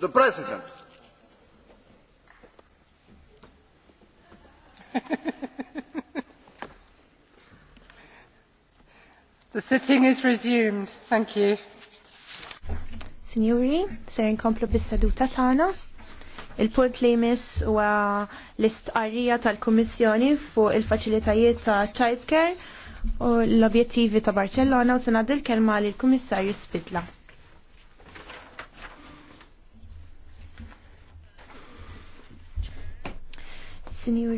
the President. the sitting is resumed. Thank you. Signori, ser inkomplu bis-seduta tagħna. Il-punt li jmiss huwa l-istqarrija tal-Kummissjoni fuq il-faċilitajiet ta' childcare u l-objettivi ta' Barcellona u se ngħaddi l-kelma lill-Kummissarju Spidla. Signor